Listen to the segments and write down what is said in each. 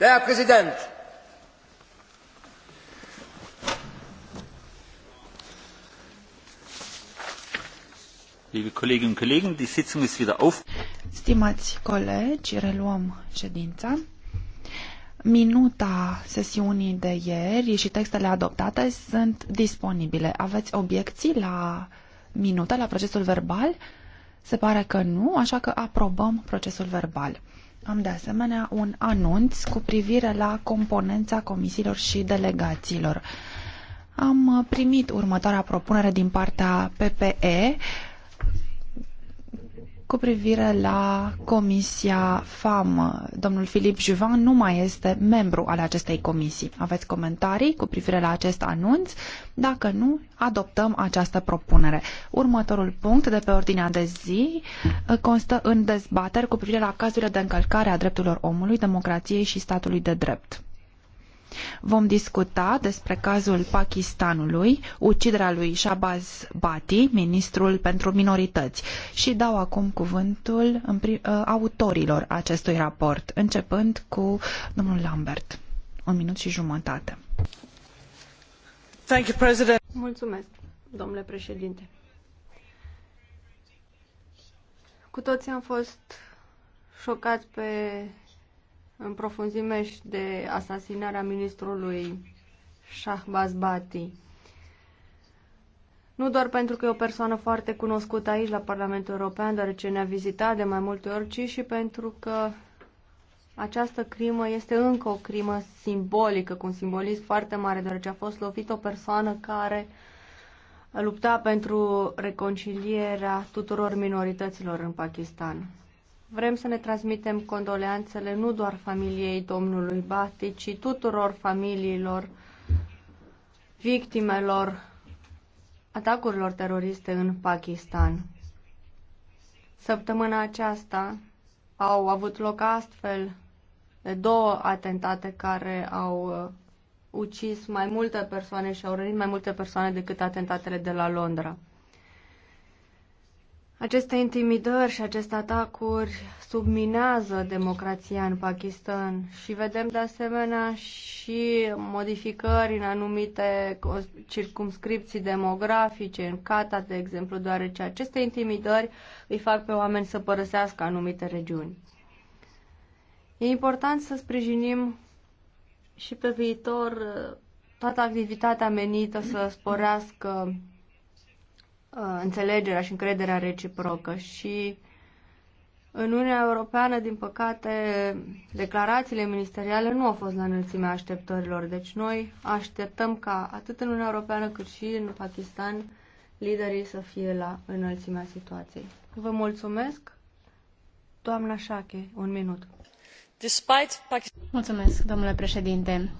Der Präsident! Liebe Kolleginnen und Kollegen, die Sitzung ist wieder auf. Stimați colegi, reluăm ședința. Minuta sesiunii de ieri și textele adoptate sunt disponibile. Aveți obiecții la minuta, la procesul verbal? Se pare că nu, așa că aprobăm procesul verbal. Am de asemenea un anunț cu privire la componența comisiilor și delegațiilor. Am uh, primit următoarea propunere din partea PPE cu privire la Comisia FAM. Domnul Filip Juvan nu mai este membru al acestei comisii. Aveți comentarii cu privire la acest anunț? Dacă nu, adoptăm această propunere. Următorul punct de pe ordinea de zi uh, constă în dezbateri cu privire la cazurile de încălcare a drepturilor omului, democrației și statului de drept. Vom discuta despre cazul Pakistanului, uciderea lui Shabaz Bati, ministrul pentru minorități, și dau acum cuvântul uh, autorilor acestui raport, începând cu domnul Lambert. Un minut și jumătate. Mulțumesc, domnule președinte. Cu toții am fost ocai pe în profunzime de asasinarea ministrului Shahbaz Bati. Nu doar pentru că e o persoană foarte cunoscută aici la Parlamentul European, deoarece ne-a vizitat de mai multe ori, ci și pentru că această crimă este încă o crimă simbolică, cu un simbolism foarte mare, deoarece a fost lovit o persoană care lupta pentru reconcilierea tuturor minorităților în Pakistan. Vrem să ne transmitem condoleanțele nu doar familiei domnului Bati, ci tuturor familiilor victimelor atacurilor teroriste în Pakistan. Săptămâna aceasta au avut loc astfel de două atentate care au uh, ucis mai multe persoane și au rănit mai multe persoane decât atentatele de la Londra. Aceste intimidări și aceste atacuri subminează democrația în Pakistan și vedem de asemenea și modificări în anumite circumscripții demografice, în Cata, de exemplu, deoarece aceste intimidări îi fac pe oameni să părăsească anumite regiuni. E important să sprijinim și pe viitor uh, toată activitatea menită să sporească uh, înțelegerea și încrederea reciprocă și în Uniunea Europeană, din păcate, declarațiile ministeriale nu au fost la înălțimea așteptărilor. Deci noi așteptăm ca atât în Uniunea Europeană cât și în Pakistan liderii să fie la înălțimea situației. Vă mulțumesc. Doamna Șache, un minut. Mulțumesc, domnule președinte.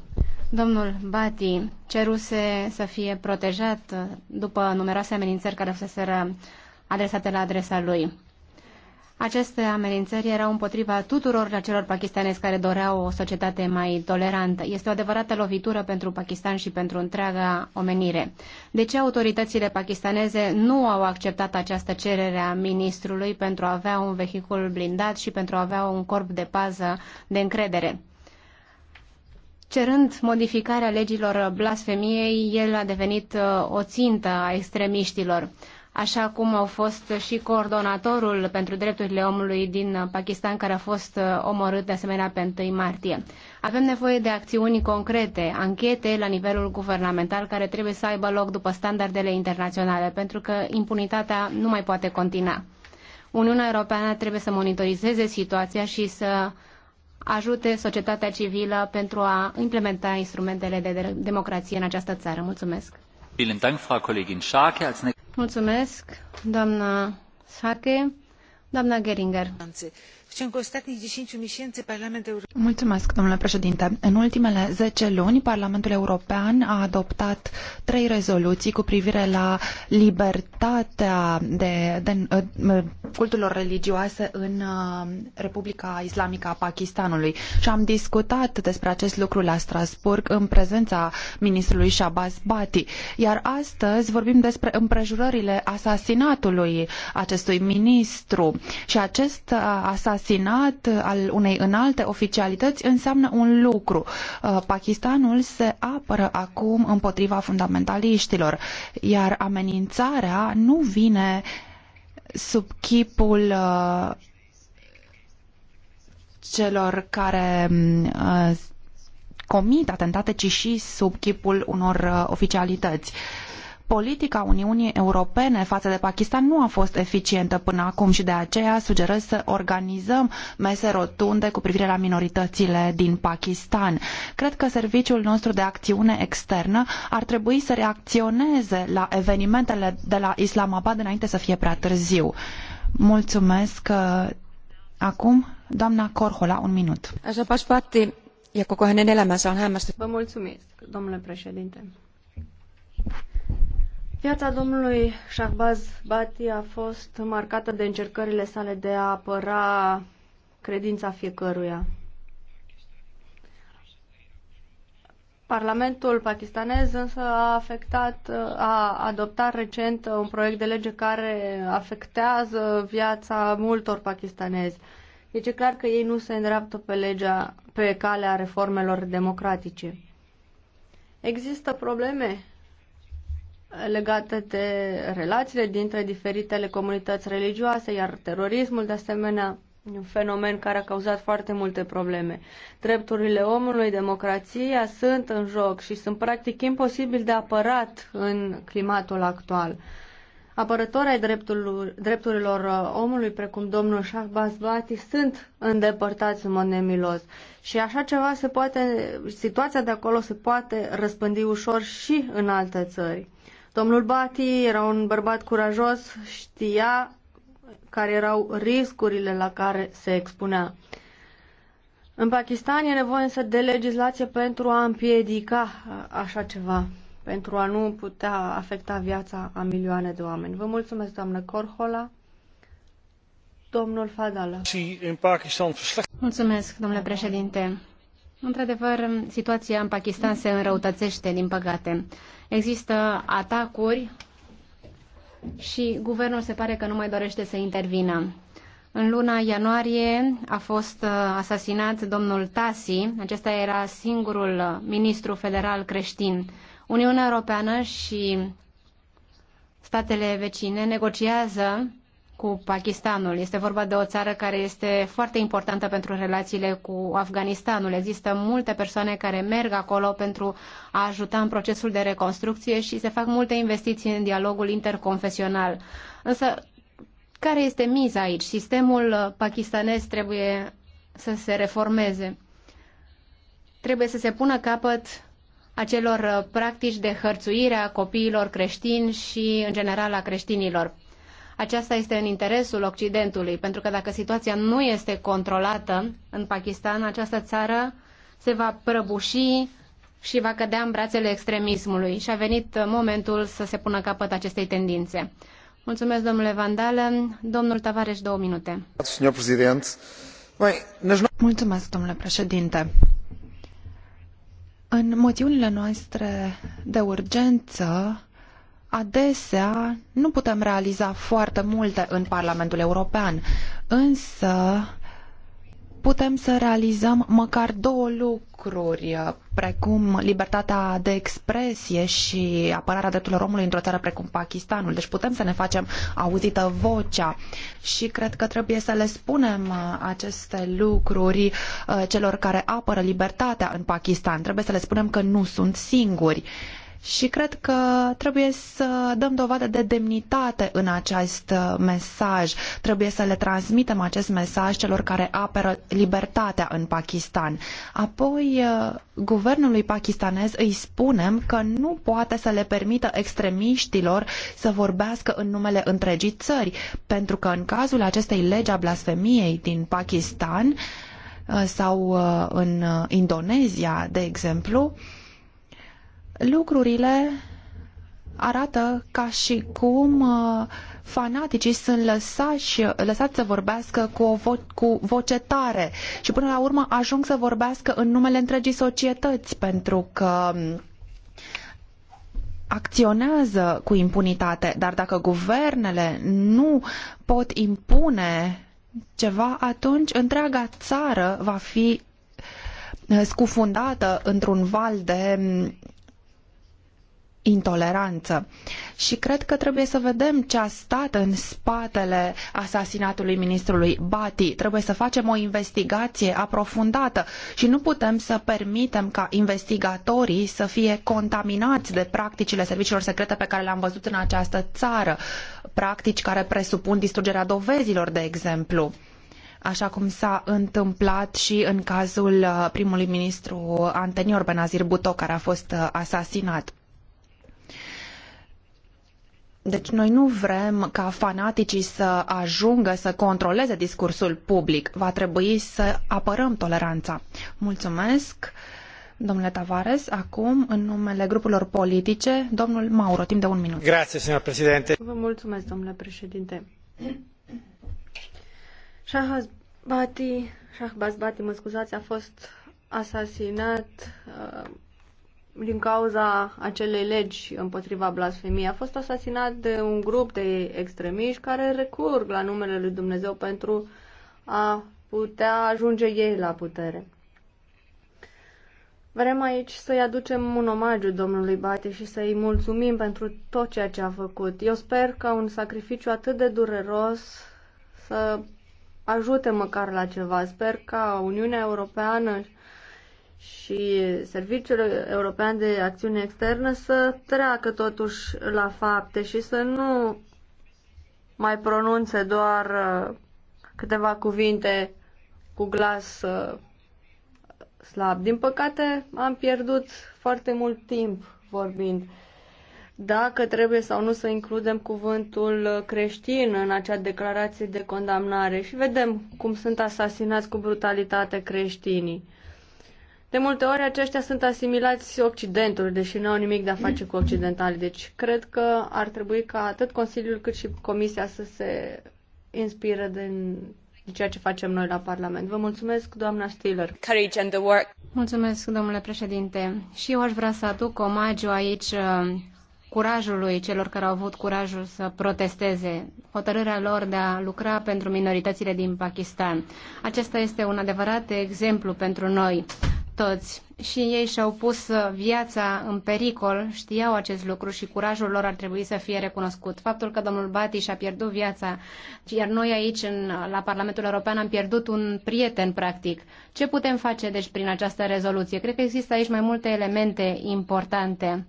Domnul Bati ceruse să fie protejat după numeroase amenințări care fuseseră adresate la adresa lui. Aceste amenințări erau împotriva tuturor acelor pakistanezi care doreau o societate mai tolerantă. Este o adevărată lovitură pentru Pakistan și pentru întreaga omenire. De ce autoritățile pakistaneze nu au acceptat această cerere a ministrului pentru a avea un vehicul blindat și pentru a avea un corp de pază de încredere? Cerând modificarea legilor blasfemiei, el a devenit uh, o țintă a extremiștilor așa cum au fost și coordonatorul pentru drepturile omului din Pakistan, care a fost omorât de asemenea pe 1 martie. Avem nevoie de acțiuni concrete, anchete la nivelul guvernamental care trebuie să aibă loc după standardele internaționale, pentru că impunitatea nu mai poate continua. Uniunea Europeană trebuie să monitorizeze situația și să ajute societatea civilă pentru a implementa instrumentele de democrație în această țară. Mulțumesc! Mulțumesc, doamna Sache, doamna Geringer ciągu ostatnich 10 miesięcy Parlament Europejski... domnule președinte. În ultimele 10 luni, Parlamentul European a adoptat trei rezoluții cu privire la libertatea de, de, de culturilor religioase în uh, Republica Islamică a Pakistanului. Și am discutat despre acest lucru la Strasbourg în prezența ministrului Shabaz Bati. Iar astăzi vorbim despre împrejurările asasinatului acestui ministru. Și acest uh, asasinat asasinat uh, al unei înalte oficialități înseamnă un lucru. Uh, Pakistanul se apără acum împotriva fundamentaliștilor, iar amenințarea nu vine sub chipul uh, celor care mm, comit atentate, ci și sub chipul unor oficialități politica Uniunii Europene față de Pakistan nu a fost eficientă până acum și de aceea sugerez să organizăm mese rotunde cu privire la minoritățile din Pakistan. Cred că serviciul nostru de acțiune externă ar trebui să reacționeze la evenimentele de la Islamabad înainte să fie prea târziu. Mulțumesc. Uh, acum, doamna Corhola, un minut. Așa pașpati, ja koko hänen elämänsä on hämmästyttävä. Vă mulțumesc, domnule președinte. Viața domnului Shahbaz Bati a fost marcată de încercările sale de a apăra credința fiecăruia. Parlamentul pakistanez însă a afectat, a adoptat recent un proiect de lege care afectează viața multor pakistanezi. Deci e clar că ei nu se îndreaptă pe legea, pe calea reformelor democratice. Există probleme legată de relațiile dintre diferitele comunități religioase, iar terorismul, de asemenea, un fenomen care a cauzat foarte multe probleme. Drepturile omului, democrația sunt în joc și sunt practic imposibil de apărat în climatul actual. Apărători ai drepturilor uh, omului, precum domnul Shahbaz Bati, sunt îndepărtați în mod nemilos. Și așa ceva se poate, situația de acolo se poate răspândi ușor și în alte țări. Domnul Bati era un bărbat curajos, știa care erau riscurile la care se expunea. În Pakistan e nevoie însă de legislație pentru a împiedica așa ceva, pentru a nu putea afecta viața a milioane de oameni. Vă mulțumesc, doamnă Corhola. Domnul Fadala. Mulțumesc, domnule președinte. Într-adevăr, situația în Pakistan se înrăutățește, din păcate. Există atacuri și guvernul se pare că nu mai dorește să intervină. În luna ianuarie a fost uh, asasinat domnul Tasi, acesta era singurul ministru federal creștin. Uniunea Europeană și statele vecine negociază cu Pakistanul. Este vorba de o țară care este foarte importantă pentru relațiile cu Afganistanul. Există multe persoane care merg acolo pentru a ajuta în procesul de reconstrucție și se fac multe investiții în dialogul interconfesional. Însă, care este miza aici? Sistemul pakistanez trebuie să se reformeze. Trebuie să se pună capăt acelor practici de hărțuire a copiilor creștini și, în general, a creștinilor aceasta este în interesul Occidentului, pentru că dacă situația nu este controlată în Pakistan, această țară se va prăbuși și va cădea în brațele extremismului și a venit momentul să se pună capăt acestei tendințe. Mulțumesc, domnule Vandală. Domnul Tavares, două minute. Mulțumesc, domnule președinte. În moțiunile noastre de urgență adesea nu putem realiza foarte multe în Parlamentul European, însă putem să realizăm măcar două lucruri, precum libertatea de expresie și apărarea drepturilor omului într-o țară precum Pakistanul. Deci putem să ne facem auzită vocea și cred că trebuie să le spunem uh, aceste lucruri uh, celor care apără libertatea în Pakistan. Trebuie să le spunem că nu sunt singuri și cred că trebuie să dăm dovadă de demnitate în acest uh, mesaj. Trebuie să le transmitem acest mesaj celor care apără libertatea în Pakistan. Apoi, uh, guvernului pakistanez îi spunem că nu poate să le permită extremiștilor să vorbească în numele întregii țări, pentru că în cazul acestei legi a blasfemiei din Pakistan uh, sau în Indonezia, de exemplu, lucrurile arată ca și cum uh, fanaticii sunt lăsați, lăsați să vorbească cu, o vo- cu voce tare și până la urmă ajung să vorbească în numele întregii societăți pentru că um, acționează cu impunitate, dar dacă guvernele nu pot impune ceva, atunci întreaga țară va fi uh, scufundată într-un val de um, intoleranță. Și cred că trebuie să vedem ce a stat în spatele asasinatului ministrului Bati. Trebuie să facem o investigație aprofundată și nu putem să permitem ca investigatorii să fie contaminați de practicile serviciilor secrete pe care le-am văzut în această țară. Practici care presupun distrugerea dovezilor, de exemplu așa cum s-a întâmplat și în cazul uh, primului ministru anterior, Benazir Bhutto, care a fost uh, asasinat. Deci noi nu vrem ca fanaticii să ajungă să controleze discursul public. Va trebui să apărăm toleranța. Mulțumesc, domnule Tavares. Acum, în numele grupurilor politice, domnul Mauro, timp de un minut. Grazie, signor președinte. Vă mulțumesc, domnule președinte. Shahbazbati, Shahbazbati, mă scuzați, a fost asasinat uh, din cauza acelei legi împotriva blasfemiei. A fost asasinat de un grup de extremiști care recurg la numele lui Dumnezeu pentru a putea ajunge ei la putere. Vrem aici să-i aducem un omagiu domnului Bate și să-i mulțumim pentru tot ceea ce a făcut. Eu sper că un sacrificiu atât de dureros să ajute măcar la ceva. Sper ca Uniunea Europeană și Serviciul European de Acțiune Externă să treacă totuși la fapte și să nu mai pronunțe doar uh, câteva cuvinte cu glas uh, slab. Din păcate, am pierdut foarte mult timp vorbind. Dacă trebuie sau nu să includem cuvântul uh, creștin în acea declarație de condamnare și vedem cum sunt asasinați cu brutalitate creștinii. De multe ori aceștia sunt asimilați Occidentului, deși nu au nimic de a face cu occidentali. Deci cred că ar trebui ca atât Consiliul cât și Comisia să se inspire din ceea ce facem noi la Parlament. Vă mulțumesc, doamna Stiller. Courage and the work. Mulțumesc, domnule președinte. Și eu aș vrea să aduc omagiu aici uh, curajului celor care au avut curajul să protesteze, hotărârea lor de a lucra pentru minoritățile din Pakistan. Acesta este un adevărat exemplu pentru noi toți și ei și-au pus viața în pericol, știau acest lucru și curajul lor ar trebui să fie recunoscut. Faptul că domnul Bati și-a pierdut viața, iar noi aici în, la Parlamentul European am pierdut un prieten practic. Ce putem face deci prin această rezoluție? Cred că există aici mai multe elemente importante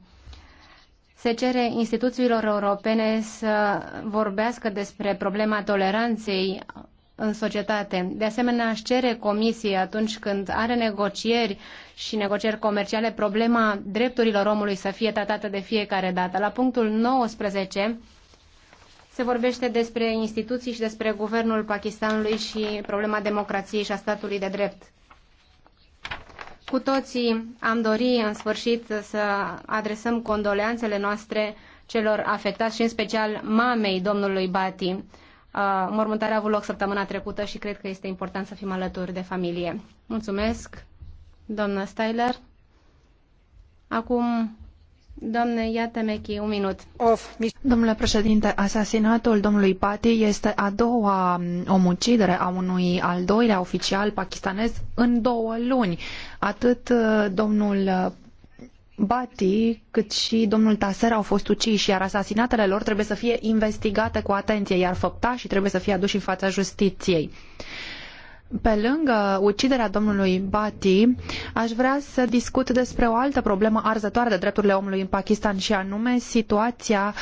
se cere instituțiilor europene să vorbească despre problema toleranței în societate. De asemenea, aș cere comisiei atunci când are negocieri și negocieri comerciale problema drepturilor omului să fie tratată de fiecare dată. La punctul 19 se vorbește despre instituții și despre guvernul Pakistanului și problema democrației și a statului de drept. Cu toții am dori în sfârșit să adresăm condoleanțele noastre celor afectați și în special mamei domnului Bati mormântarea a avut loc săptămâna trecută și cred că este important să fim alături de familie. Mulțumesc, doamna Styler. Acum Doamne, iată Mechi, un minut. Of. Domnule președinte, asasinatul domnului Pati este a doua mm, omucidere a unui al doilea oficial pakistanez în două luni. Atât uh, domnul uh, Bati cât și domnul Taser au fost uciși, iar asasinatele lor trebuie să fie investigate cu atenție, iar și trebuie să fie aduși în fața justiției. Pe lângă uciderea domnului Bati, aș vrea să discut despre o altă problemă arzătoare de drepturile omului în Pakistan și anume situația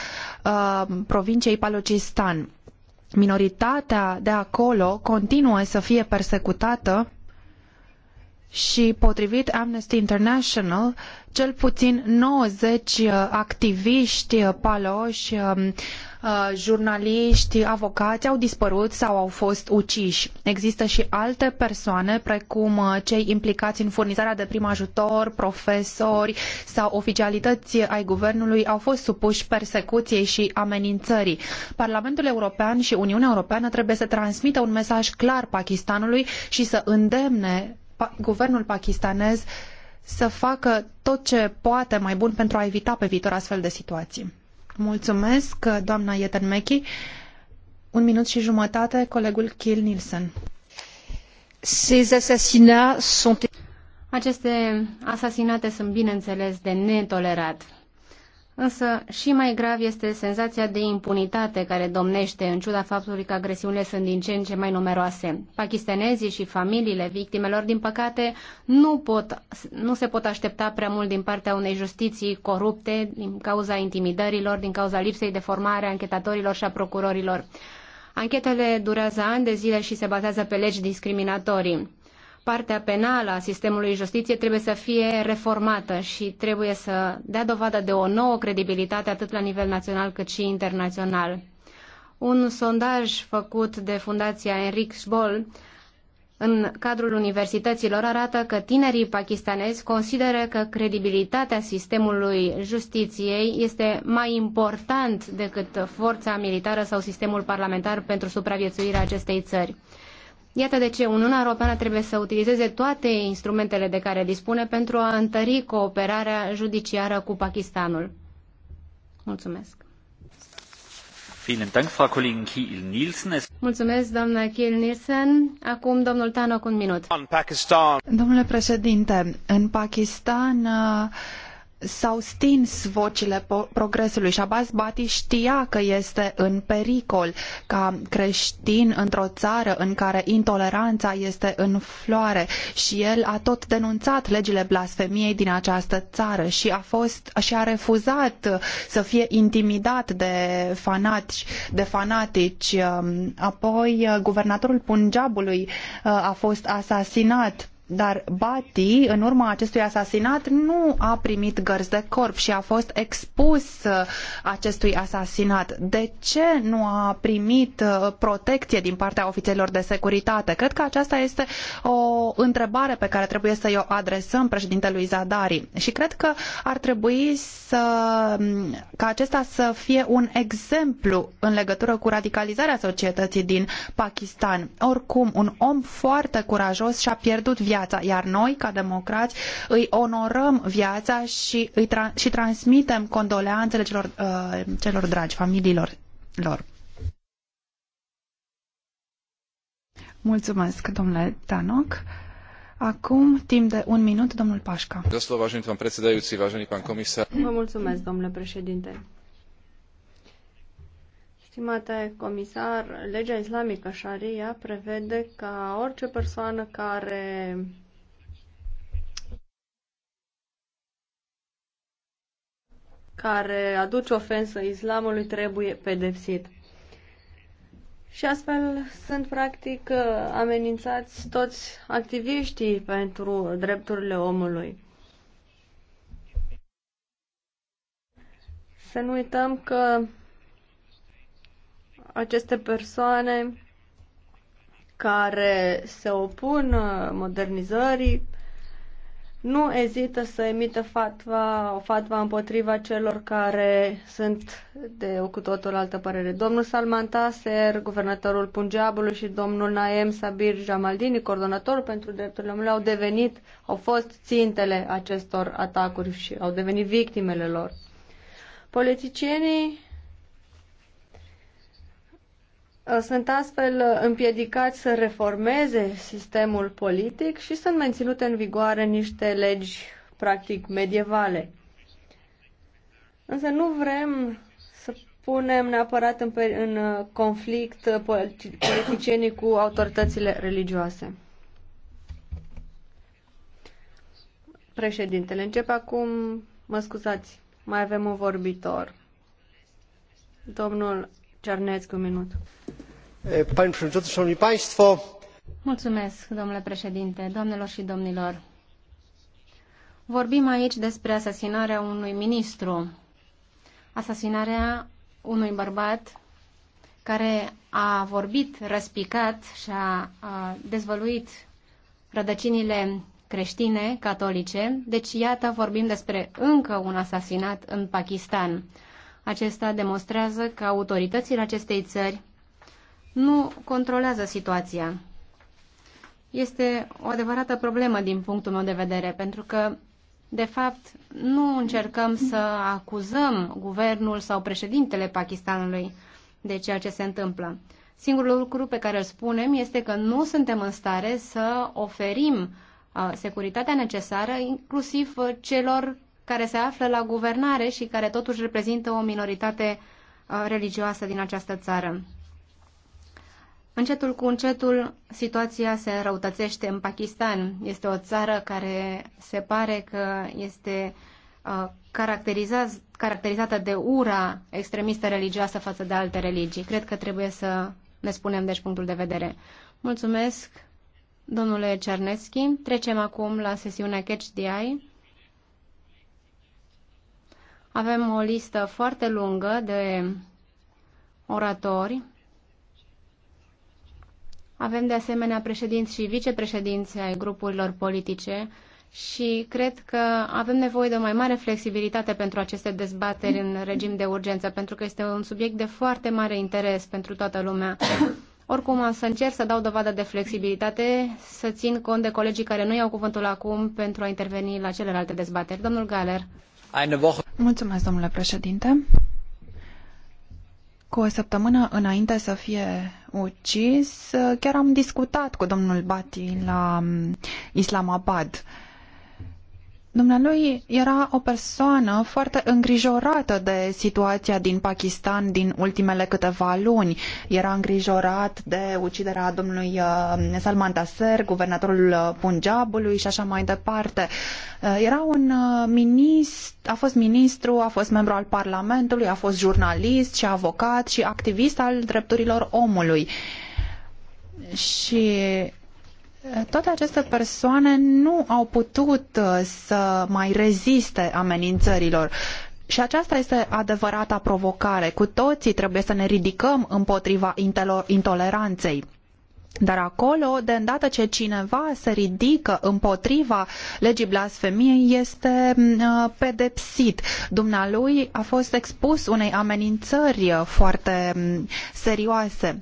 uh, provinciei Balochistan. Minoritatea de acolo continuă să fie persecutată și potrivit Amnesty International, cel puțin 90 uh, activiști uh, paloși, um, uh, jurnaliști, avocați au dispărut sau au fost uciși. Există și alte persoane, precum cei implicați în furnizarea de prim ajutor, profesori sau oficialități ai guvernului, au fost supuși persecuției și amenințării. Parlamentul European și Uniunea Europeană trebuie să transmită un mesaj clar Pakistanului și să îndemne pa guvernul pakistanez să facă tot ce poate mai bun pentru a evita pe viitor astfel de situații. Mulțumesc, doamna Yetenmechi. Un minut și jumătate, colegul Kiel Nielsen. Aceste asasinate sunt, bineînțeles, de netolerat. Însă și mai grav este senzația de impunitate care domnește în ciuda faptului că agresiunile sunt din ce în ce mai numeroase. Pakistanezii și familiile victimelor, din păcate, nu, pot, nu se pot aștepta prea mult din partea unei justiții corupte din cauza intimidărilor, din cauza lipsei de formare a anchetatorilor și a procurorilor. Anchetele durează ani de zile și se bazează pe legi discriminatorii partea penală a sistemului justiție trebuie să fie reformată și trebuie să dea dovadă de o nouă credibilitate atât la nivel național cât și internațional. Un sondaj făcut de Fundația Enric Schboll în cadrul universităților arată că tinerii pakistanezi consideră că credibilitatea sistemului justiției este mai important decât forța militară sau sistemul parlamentar pentru supraviețuirea acestei țări. Iată de ce Uniunea Europeană trebuie să utilizeze toate instrumentele de care dispune pentru a întări cooperarea judiciară cu Pakistanul. Mulțumesc. Mulțumesc, doamna Kiel Nielsen. Acum, domnul Tanok, un minut. Domnule președinte, în Pakistan s-au stins vocile progresului și Abbas Bati știa că este în pericol ca creștin într-o țară în care intoleranța este în floare și el a tot denunțat legile blasfemiei din această țară și a fost și a refuzat să fie intimidat de fanatici, de fanatici. Apoi guvernatorul Punjabului uh, a fost asasinat dar Bati, în urma acestui asasinat, nu a primit gărzi de corp și a fost expus uh, acestui asasinat. De ce nu a primit uh, protecție din partea ofițerilor de securitate? Cred că aceasta este o întrebare pe care trebuie să-i o adresăm președintelui Zadari și cred că ar trebui să, mm, ca acesta să fie un exemplu în legătură cu radicalizarea societății din Pakistan. Oricum, un om foarte curajos și-a pierdut viața viața, iar noi, ca democrați, îi onorăm viața și, îi tra- și transmitem condoleanțele celor, uh, celor dragi, familiilor lor. Mulțumesc, domnule Tanoc. Acum, timp de un minut, domnul Pașca. Doslova, Vă mulțumesc, domnule președinte. Stimate comisar, legea islamică Sharia prevede ca orice persoană care care aduce ofensă islamului trebuie pedepsit. Și astfel sunt practic amenințați toți activiștii pentru drepturile omului. Să nu uităm că aceste persoane care se opun uh, modernizării nu ezită să emită fatva, o fatva împotriva celor care sunt de o cu totul altă părere. Domnul Salman Taser, guvernatorul Punjabului și domnul Naem Sabir Jamaldini, coordonator pentru drepturile omului, au devenit, au fost țintele acestor atacuri și au devenit victimele lor. Politicienii Uh, sunt astfel uh, împiedicați să reformeze sistemul politic și sunt menținute în vigoare niște legi practic medievale. Însă nu vrem să punem neapărat în, în uh, conflict politicienii cu autoritățile religioase. Președintele, încep acum, mă scuzați, mai avem un vorbitor. Domnul minut. Mulțumesc, domnule președinte, și domnilor. Vorbim aici despre asasinarea unui ministru, asasinarea unui bărbat care a vorbit răspicat și a, a dezvăluit rădăcinile creștine, catolice. Deci, iată, vorbim despre încă un asasinat în Pakistan. Acesta demonstrează că autoritățile acestei țări nu controlează situația. Este o adevărată problemă din punctul meu de vedere, pentru că, de fapt, nu încercăm să acuzăm guvernul sau președintele Pakistanului de ceea ce se întâmplă. Singurul lucru pe care îl spunem este că nu suntem în stare să oferim uh, securitatea necesară, inclusiv uh, celor care se află la guvernare și care totuși reprezintă o minoritate uh, religioasă din această țară. Încetul cu încetul, situația se înrăutățește în Pakistan. Este o țară care se pare că este uh, caracterizată de ura extremistă religioasă față de alte religii. Cred că trebuie să ne spunem deci punctul de vedere. Mulțumesc, domnule Cernescu. Trecem acum la sesiunea Catch the Eye. Avem o listă foarte lungă de oratori. Avem de asemenea președinți și vicepreședinți ai grupurilor politice și cred că avem nevoie de o mai mare flexibilitate pentru aceste dezbateri în regim de urgență, pentru că este un subiect de foarte mare interes pentru toată lumea. Oricum, am să încerc să dau dovadă de flexibilitate, să țin cont de colegii care nu iau cuvântul acum pentru a interveni la celelalte dezbateri. Domnul Galer. Mulțumesc, domnule președinte. Cu o săptămână înainte să fie ucis, chiar am discutat cu domnul Bati la mm, Islamabad. Uh, Dumnealui era o persoană foarte îngrijorată de situația din Pakistan din ultimele câteva luni. Era îngrijorat de uciderea domnului uh, Salman Taseer, guvernatorul uh, Punjabului și așa mai departe. Uh, era un ministru, a fost ministru, a fost membru al Parlamentului, a fost jurnalist și avocat și activist al drepturilor omului. Și toate aceste persoane nu au putut uh, să mai reziste amenințărilor. Și aceasta este adevărata provocare. Cu toții trebuie să ne ridicăm împotriva intoleranței. Dar acolo, de îndată ce cineva se ridică împotriva legii blasfemiei, este mm, uh, pedepsit. Dumnealui a fost expus unei amenințări foarte mm, serioase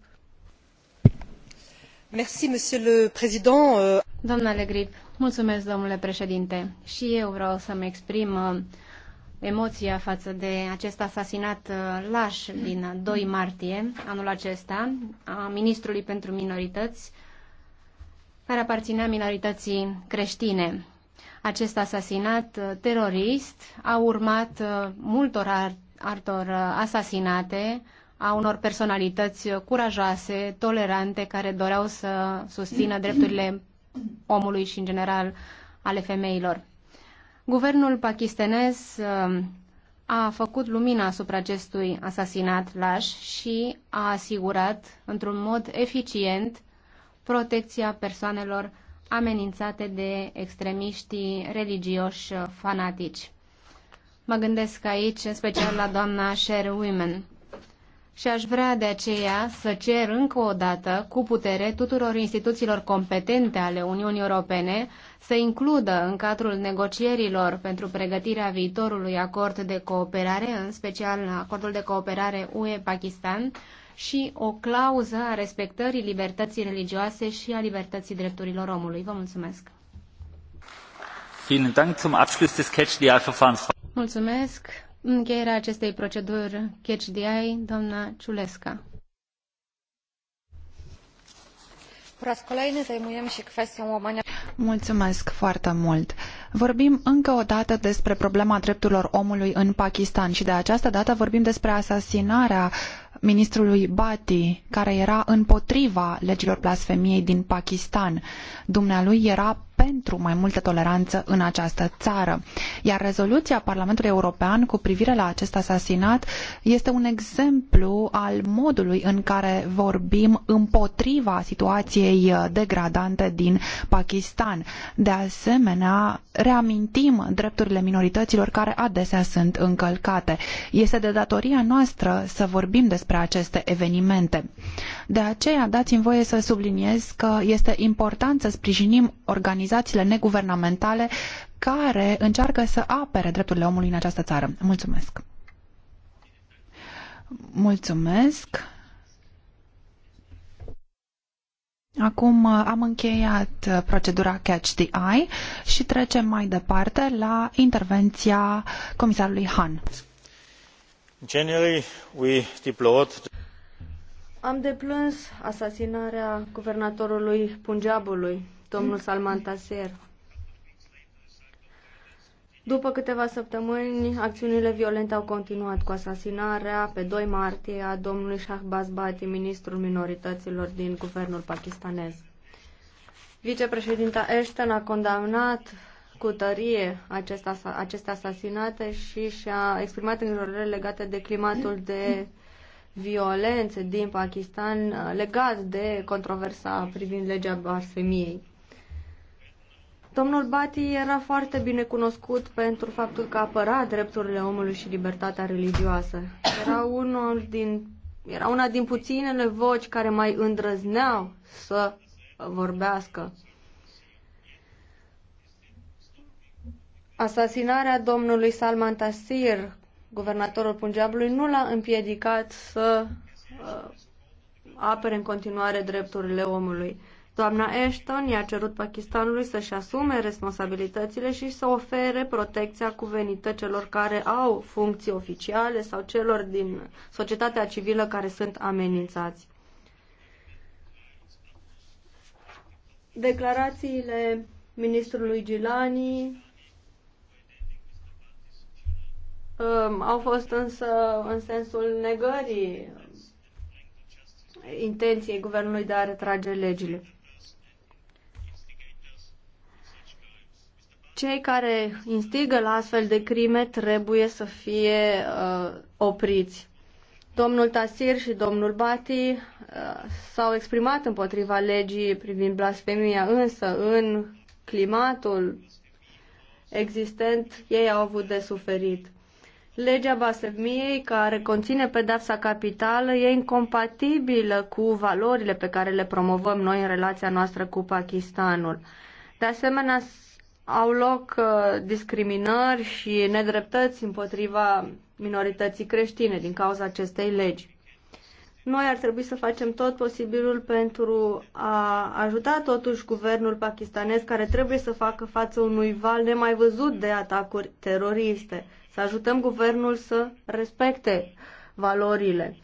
Domnule Grip, mulțumesc, domnule președinte. Și eu vreau să-mi exprim uh, emoția față de acest asasinat uh, laș din 2 martie anul acesta a ministrului pentru minorități, care aparținea minorității creștine. Acest asasinat uh, terorist a urmat multor altor asasinate a unor personalități curajoase, tolerante, care doreau să susțină drepturile omului și, în general, ale femeilor. Guvernul pakistanez um, a făcut lumina asupra acestui asasinat laș și a asigurat, într-un mod eficient, protecția persoanelor amenințate de extremiștii religioși fanatici. Mă gândesc aici în special la doamna Sher Women și aș vrea de aceea să cer încă o dată cu putere tuturor instituțiilor competente ale Uniunii Europene să includă în cadrul negocierilor pentru pregătirea viitorului acord de cooperare, în special acordul de cooperare UE-Pakistan, și o clauză a respectării libertății religioase și a libertății drepturilor omului. Vă mulțumesc! Mulțumesc! încheierea acestei proceduri Catch the Eye, doamna Ciulesca. Mulțumesc foarte mult. Vorbim încă o dată despre problema drepturilor omului în Pakistan și de această dată vorbim despre asasinarea ministrului Bati, care era împotriva legilor blasfemiei din Pakistan. Dumnealui era pentru mai multă toleranță în această țară. Iar rezoluția Parlamentului European cu privire la acest asasinat este un exemplu al modului în care vorbim împotriva situației degradante din Pakistan. De asemenea, reamintim drepturile minorităților care adesea sunt încălcate. Este de datoria noastră să vorbim despre despre aceste evenimente. De aceea, dați-mi voie să subliniez că este important să sprijinim organizațiile neguvernamentale care încearcă să apere drepturile omului în această țară. Mulțumesc! Mulțumesc! Acum uh, am încheiat uh, procedura Catch the Eye și trecem mai departe la intervenția comisarului Han am deplâns asasinarea guvernatorului Punjabului, domnul Salman Taseer. După câteva săptămâni, acțiunile violente au continuat cu asasinarea pe 2 martie a domnului Shahbaz Bhatti, ministrul minorităților din guvernul pakistanez. Vicepreședinta Ashton a condamnat cu tărie acest, as- aceste asasinate și și-a exprimat îngrijorările legate de climatul de violențe din Pakistan uh, legat de controversa privind legea blasfemiei. Domnul Bati era foarte bine cunoscut pentru faptul că apăra drepturile omului și libertatea religioasă. Era, unul din, era una din puținele voci care mai îndrăzneau să vorbească Asasinarea domnului Salman Taseer, guvernatorul Punjabului, nu l-a împiedicat să uh, apere în continuare drepturile omului. Doamna Ashton i-a cerut Pakistanului să-și asume responsabilitățile și să ofere protecția cuvenită celor care au funcții oficiale sau celor din societatea civilă care sunt amenințați. Declarațiile ministrului Gilani Um, au fost însă în sensul negării intenției guvernului de a retrage legile. Cei care instigă la astfel de crime trebuie să fie uh, opriți. Domnul Tasir și domnul Bati uh, s-au exprimat împotriva legii privind blasfemia, însă în climatul existent ei au avut de suferit. Legea Basemiei, care conține pedapsa capitală, e incompatibilă cu valorile pe care le promovăm noi în relația noastră cu Pakistanul. De asemenea, au loc uh, discriminări și nedreptăți împotriva minorității creștine din cauza acestei legi. Noi ar trebui să facem tot posibilul pentru a ajuta totuși guvernul pakistanez care trebuie să facă față unui val nemai văzut de atacuri teroriste. Să ajutăm guvernul să respecte valorile.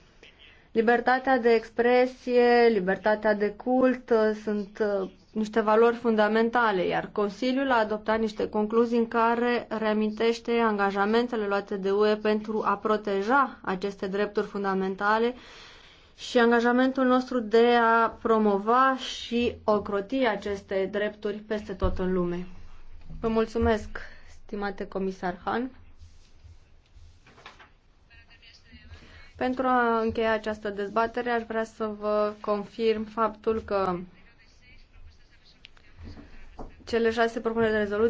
Libertatea de expresie, libertatea de cult uh, sunt uh, niște valori fundamentale, iar Consiliul a adoptat niște concluzii în care reamintește angajamentele luate de UE pentru a proteja aceste drepturi fundamentale și angajamentul nostru de a promova și ocroti aceste drepturi peste tot în lume. Vă mulțumesc, stimate comisar Han. Pentru a încheia această dezbatere, aș vrea să vă confirm faptul că cele șase propuneri de rezoluție